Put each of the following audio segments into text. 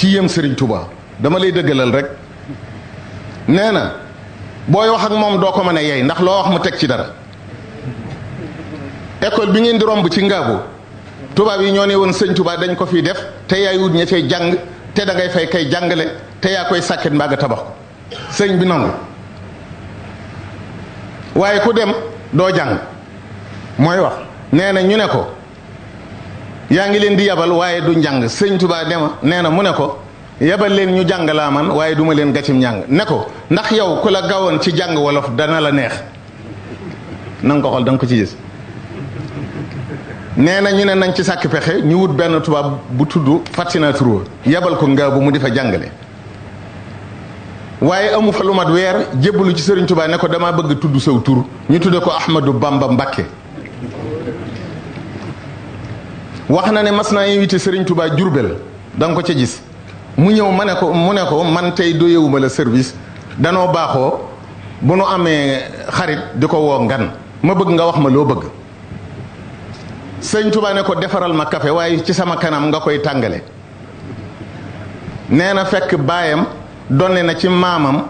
ci yëm Serigne Touba dama lay dëggalal rek nee na booy wax ak moom doo ko mën a yey ndax loo wax mu teg ci dara ecole bi ngeen di romb ci ngaabo tubaab yi ñoo ne woon sëñ Touba dañ ko fiy def te yaay wut ña fay jàng te da ngay fay kay jàngale te yaa koy sàkket mbaa tabax ko sëñ bi nangu waaye ku dem doo jàng mooy wax nee na ñu ne ko. yaa ngi leen di yabal waaye du njàng sëñ Tuba dema nee na mu ne ko yabal leen ñu jàng laa man waaye duma leen gàccim njàng ne ko ndax yow ku la gawoon ci jàng wolof dana la neex na nga ko xool da ko ci gis nee na ñu ne nañ ci sàkk pexe ñu wut benn tubaab bu tudd Fatina Touré yabal ko nga bu mu di fa jàngale waaye amu fa lu mat weer jébbalu ci sëriñ tubaa ne ko damaa bëgg tudd saw tur ñu tudde ko Ahmadou Bamba Mbakke wax na ne mas naa invité Serigne Touba Diourbel da nga ko ca gis mu ñëw ma ne ko mu ne ko man tey doyewuma la service danoo baaxoo bu nu amee xarit di ko woo ngan ma bëgg nga wax ma loo bëgg sëñ Touba ne ko defaral ma kafe waaye ci sama kanam nga koy tàngale nee na fekk baayam donne na ci maamam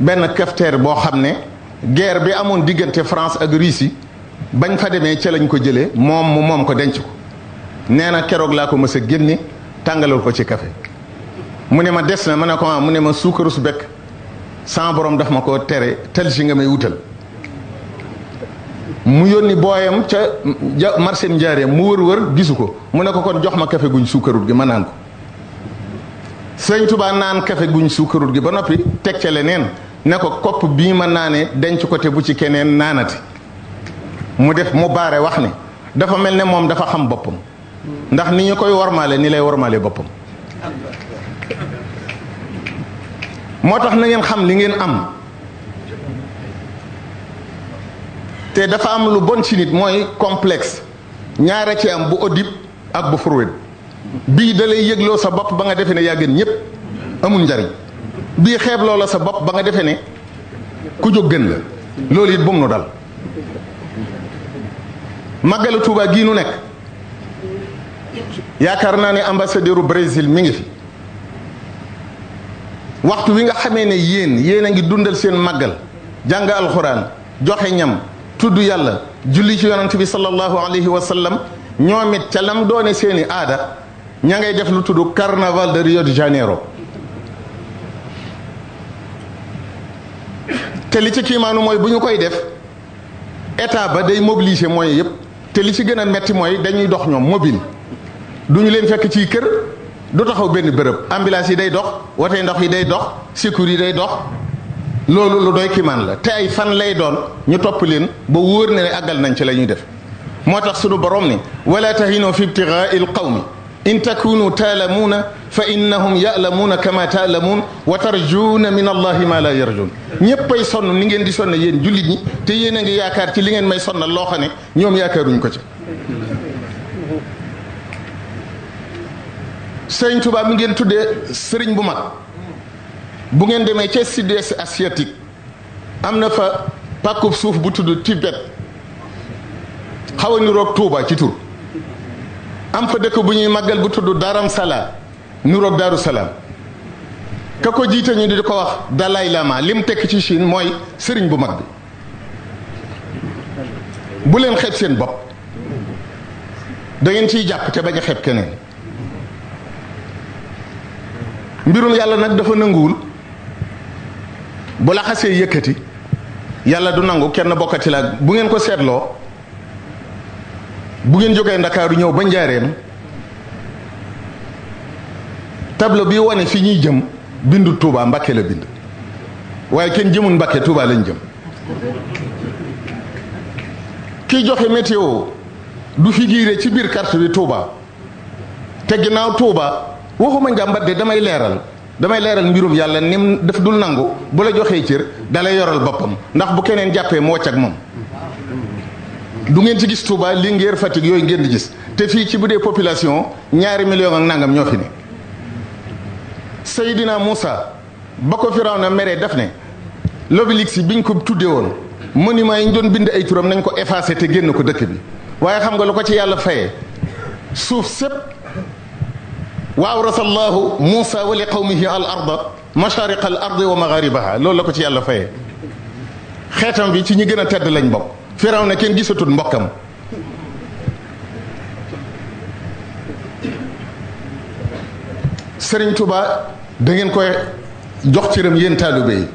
benn cafetière boo xam ne guerre bi amoon diggante France ak Russie bañ fa demee ca lañ ko jëlee moom mu moom ko denc ko nee na keroog laa ko ma a génne tàngalal ko ci café mu ne ma des na ma ne ko ah, mu ne ma suukaru su bekk sama borom daf ma ko tere tel si nga may wutal mu yónni booyam ca ja marché njaareem mu wër wër gisu ko mu ne ko kon jox ma kafe guñ suukarut gi ma naan ko sëñ Tuubaa naan café guñ suukarut gi ba noppi teg ca leneen ne ko kopp bii ma naanee denc ko te bu ci keneen naanati mu def mu baare wax ne dafa mel ne moom dafa xam boppam ndax ni ñu koy wormaale ni lay wormaale boppam moo tax na ngeen xam li ngeen am te dafa am lu bon ci nit mooy complexe ñaare ci am bu audib ak bu fruit bii dalay lay yëgloo sa bopp ba nga defee ne yaa gën ñépp amul njariñ bii xeeb la sa bopp ba nga defee ne ku jóg gën la loolu it bu nu dal màggalu Tuubaa gii nu nekk yaakaar naa ne ambassadeur u Brésil mi ngi fi waxtu wi nga xamee ne yéen yéen a ngi dundal seen màggal jàng alxuraan joxe ñam tudd yàlla julli ci yonent bi sallallahu alayhi wa sallam ñoom it ca lam doone seeni aada ña ngay def lu tudd carnaval de Rio de Janeiro te li ci kiimaanu mooy bu ñu koy def état ba day mobiliser moyens yépp te li ci gën a metti mooy dañuy dox ñoom mobile duñu leen fekk ci kër du taxaw benn bërëb ambulance yi day dox watee ndox yi day dox secours yi day dox loolu lu doy kiman la te ay fan lay doon ñu topp leen ba wóor ne ne àggal nañ ci la ñuy def moo tax sunu borom ni wala tahinu fi ibtigaai lqawmi in takunu taalamuuna fa innahum yaalamuuna kama taalamuun wa tarjuuna min allahi ma la yarjuun ñëppay sonn ni ngeen di sonn yéen jullit ñi te yéen a ngi yaakaar ci li ngeen may sonnal loo xam ne ñoom yaakaaruñ ko ci sëriñ Touba mi ngeen tuddee sëriñ bu mag bu ngeen demee ca sud-est asiatique am na fa pàkkub suuf bu tudd Tibet xaw a niroog Touba ci tur am fa dëkk bu ñuy màggal bu tudd Daram Salaam niroog Daaru Salaam ka ko jiite ñu di ko wax Dalai Lama lim tekk ci siin mooy sëriñ bu mag bi bu leen xeeb seen bopp dangeen ciy jàpp te ba a xeeb keneen. mbirum yàlla nag dafa nanguwul bu laxasee xasee yàlla du nangu kenn bokkati la bu ngeen ko seetloo bu ngeen jógee ndakaaru ñëw ba njaareem tableau bi wane fi ñuy jëm bindu Touba Mbacke la bind waaye kenn jëmul Mbacke Touba lañ jëm kiy joxe météo du figuré ci biir kart bi Touba te ginnaaw Touba waxuma njàmbat de damay leeral damay leeral mbirum yàlla nim daf dul nangu bu la joxee cër dalay yoral boppam ndax bu keneen jàppee mu wàcc moom du ngeen ci gis Touba li ngeen Fatick yooyu ngeen gis te fii ci bu dee population ñaari million ak nangam ñoo fi ne Seydina Moussa ba ko Firawna meree daf ne l'obélisque biñ ko tuddee woon monument yi ñu doon bind ay turam nañ ko effacé te génn ko dëkk bi waaye xam nga lu ko ci yàlla fayee suuf sépp وأورث الله موسى ولقومه الأرض مشارق الأرض ومغاربها لولا كنت يلا فاي خاتم في تي نيغينا تاد لاج بوك فرعون كين غيساتوت مبوكام سيرن توبا دا نين كوي جوخ تيرم يين طالبي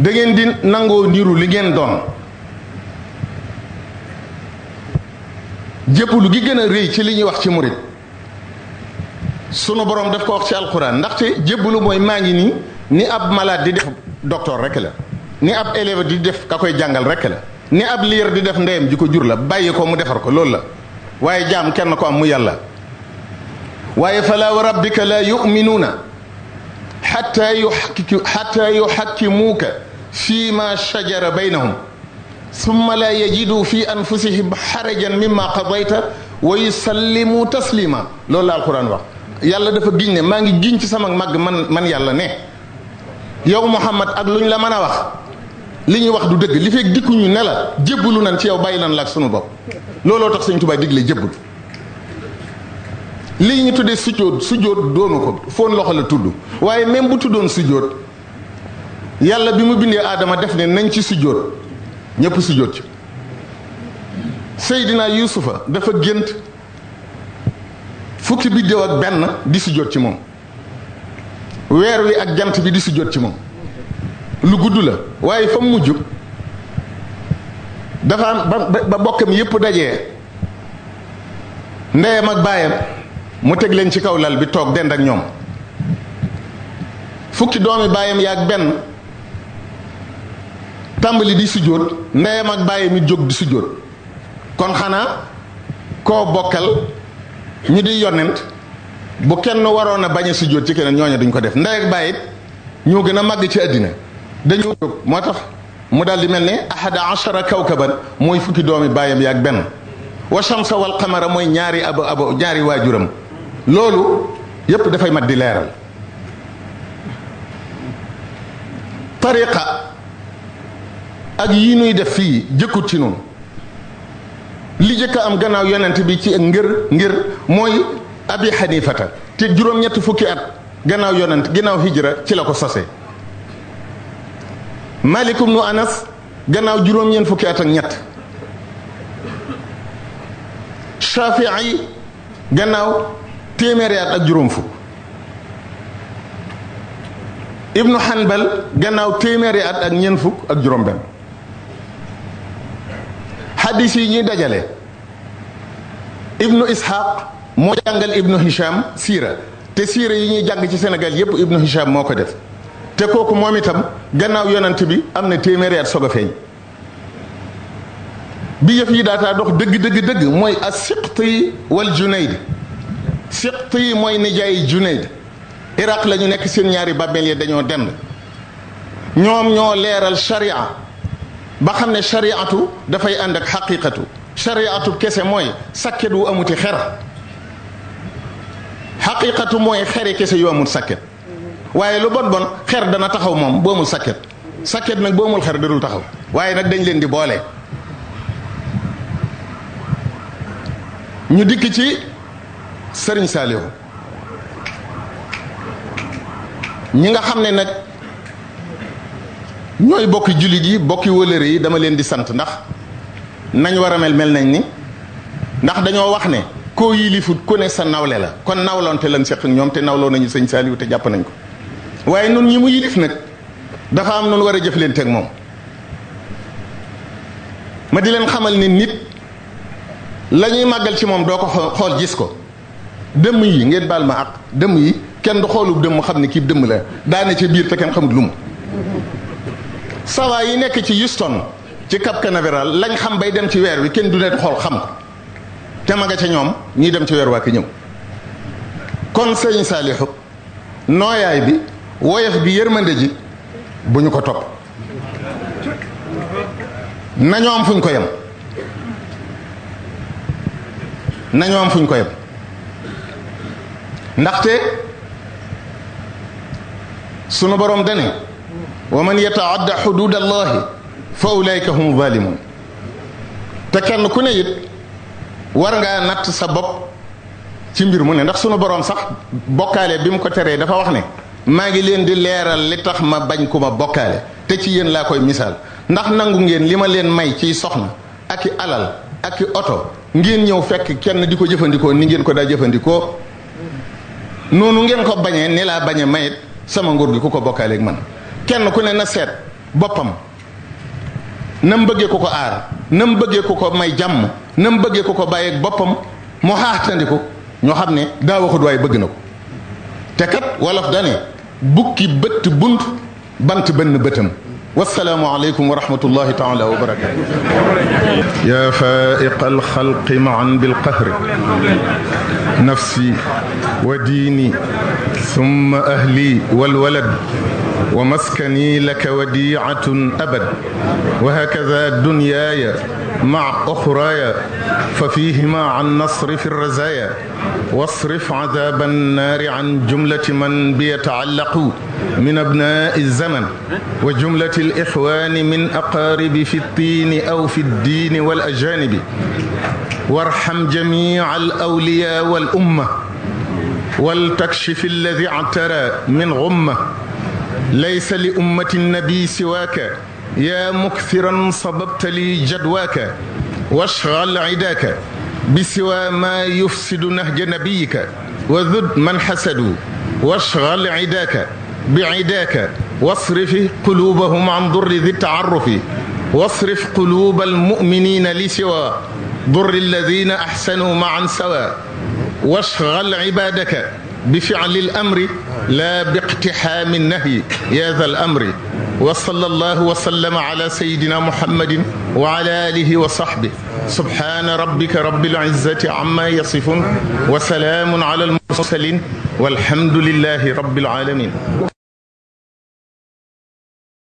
دا نانغو نيرو لي دون jëppul gi gën a rëy ci li ñuy wax ci murit sunu borom daf ko wax ci alquran ndaxte jébbalu mooy maa ngi nii ni ab malade di def docteur rek la ni ab élève di def ka koy jàngal rek la ni ab liir di def ndeyam ji ko jur la bàyyi ko mu defar ko loolu la waaye jaam kenn ko am mu yàlla waaye fala wa rabbika la yuminuna xatta yuxakkimuuka fi ma shajara baynahum summa laa yajidu fi anfusihim xarajan mimma qadayta wa yusallimu taslima loolu la alquran wax yàlla dafa giñ ne maa ngi giñ ci sama màgg man man yàlla ne yow Muhammad ak lu ñu la mën a wax li ñuy wax du dëgg li fekk dikkuñu ne la jébbalu nañ ci yow bàyyi lan la ak sunu bopp looloo tax Sëñ Tuubaa digle jébbal lii ñu tuddee sujjóot sujjóot doonu ko foon loxo la tudd waaye même bu tuddoon sujjóot yàlla bi mu bindee aadama def ne nañ ci sujjóot ñépp si ci Seydina Yuusufa dafa gént fukki biddéew ak benn di si jot ci moom weer wi ak jant bi di si jot ci moom lu gudd la waaye fa mujj dafa am ba ba bokkam yépp daje ndeyam ak baayam mu teg leen ci kaw lal bi toog dend ak ñoom fukki doomi baayam ak benn tàmbali di sujjóot ndeyam ak bàyyi mi jóg di sujjóot kon xanaa koo bokkal ñu di yonent bu kenn waroon a bañ a sujjóot ci keneen ñooñu duñ ko def ndey ak bàyyi ñoo gën a màgg ci àddina dañoo jóg moo tax mu daal di mel ni ahada achara kawkaban mooy fukki doomi bàyyam ak benn wa shamsa mooy ñaari aba aba ñaari waajuram loolu yépp dafay mat di leeral ak yii nuy def fii jëkku ci noonu li jëkk am gannaaw yonent bi ci ngir ngir mooy abi xanifata te juróom-ñetti fukki at gannaaw yonent gannaaw hijra ci la ko sose malikum nu anas gannaaw juróom-ñeent fukki at ak ñett shafii gannaaw téeméeri at ak juróom fukk ibnu hanbal gannaaw téeméeri at ak ñeent fukk ak juróom benn xadis yi ñuy dajale ibnu ishaq moo jàngal ibnu hisham siira te siira yi ñuy jàng ci senegal yépp ibnu hisham moo ko def te kooku moom itam gannaaw yonant bi am na téeméeri at soog a feeñ bi yëf yi daataa dox dëgg dëgg dëgg mooy a siqt yi wal junayd siqt mooy nijaay junayd iraq la ñu nekk seen ñaari bàmmeel yi dañoo dend ñoom ñoo leeral sharia ba xamne ne da fay andak haqiqatu xaqiqatu kesse moy mooy sakket amuti xer haqiqatu moy xere kesse yu amul sakket waye lu bon bon xer dana taxaw mom bo amul boomul sakket nak bo amul xer dadul taxaw waye nak dañ len di bolé ñu dik ci serigne salihu ñi nga xamne nak ñooy bokki jullit yi bokki wëlëre yi dama leen di sant ndax nañ war a mel mel nañ ni ndax dañoo wax ne koo yilifut ku ne sa nawle la kon nawloonte lan seq ñoom te nawloo nañu sëñ Saaliw jàpp nañ ko waaye nun ñi mu yilif nag dafa am nun war a jëflante ak moom ma di leen xamal ni nit lañuy màggal ci moom doo ko xool gis ko dëmm yi ngeen baal ma ak dëmm yi kenn du xoolub dëmm xam ne kii dëmm la daane ca biir te kenn xamut lu mu sawa yi nekk ci Houston ci Cap Canaveral lañ xam bay dem ci weer wi kenn du ne xool xam ko te ma nga ca ñoom ñii dem ci weer waa ki ñëw kon sëñ Saalihu nooyaay bi woyof bi yërmande ji bu ñu ko topp nañoo am fuñ ko yem nañoo am fuñ ko ndaxte sunu borom dane wa man yataadda xudud allahi fa ulayka hum zalimun te kenn ku ne it war ngaa natt sa bopp ci mbir mu ne ndax sunu boroom sax bokkaale bi mu ko teree dafa wax ne maa ngi leen di leeral li tax ma bañ ku ma bokkaale te ci yéen laa koy misaal ndax nangu ngeen li ma leen may ciy soxna ak i alal ak i oto ngeen ñëw fekk kenn di ko jëfandikoo ni ngeen ko daa jëfandikoo noonu ngeen ko bañee ni laa bañee mayit sama nguur gi ku ko bokkaaleeg man كن كن نسير بابم نم بجي كوكو آر نم بجي كوكو ماي جام نم بجي كوكو بايك بابم مهات عندكو نحن دا وخد واي بجنو تكت ولف داني بكي بت بند بنت بن بتم والسلام عليكم ورحمة الله تعالى وبركاته يا فائق الخلق معا بالقهر نفسي وديني ثم أهلي والولد ومسكني لك وديعة أبد وهكذا دنياي مع أخرايا ففيهما عن نصر في الرزايا واصرف عذاب النار عن جملة من بيتعلق من أبناء الزمن وجملة الإخوان من أقارب في الطين أو في الدين والأجانب وارحم جميع الأولياء والأمة ولتكشف الذي اعترى من غمه ليس لأمة النبي سواك يا مكثرا صببت لي جدواك واشغل عداك بسوى ما يفسد نهج نبيك وذد من حسدوا واشغل عداك بعداك واصرف قلوبهم عن ضر ذي التعرف واصرف قلوب المؤمنين لسوى ضر الذين أحسنوا معا سوى واشغل عبادك بفعل الأمر لا باقتحام النهي يا ذا الأمر وصلى الله وسلم على سيدنا محمد وعلى آله وصحبه سبحان ربك رب العزة عما يصفون وسلام على المرسلين والحمد لله رب العالمين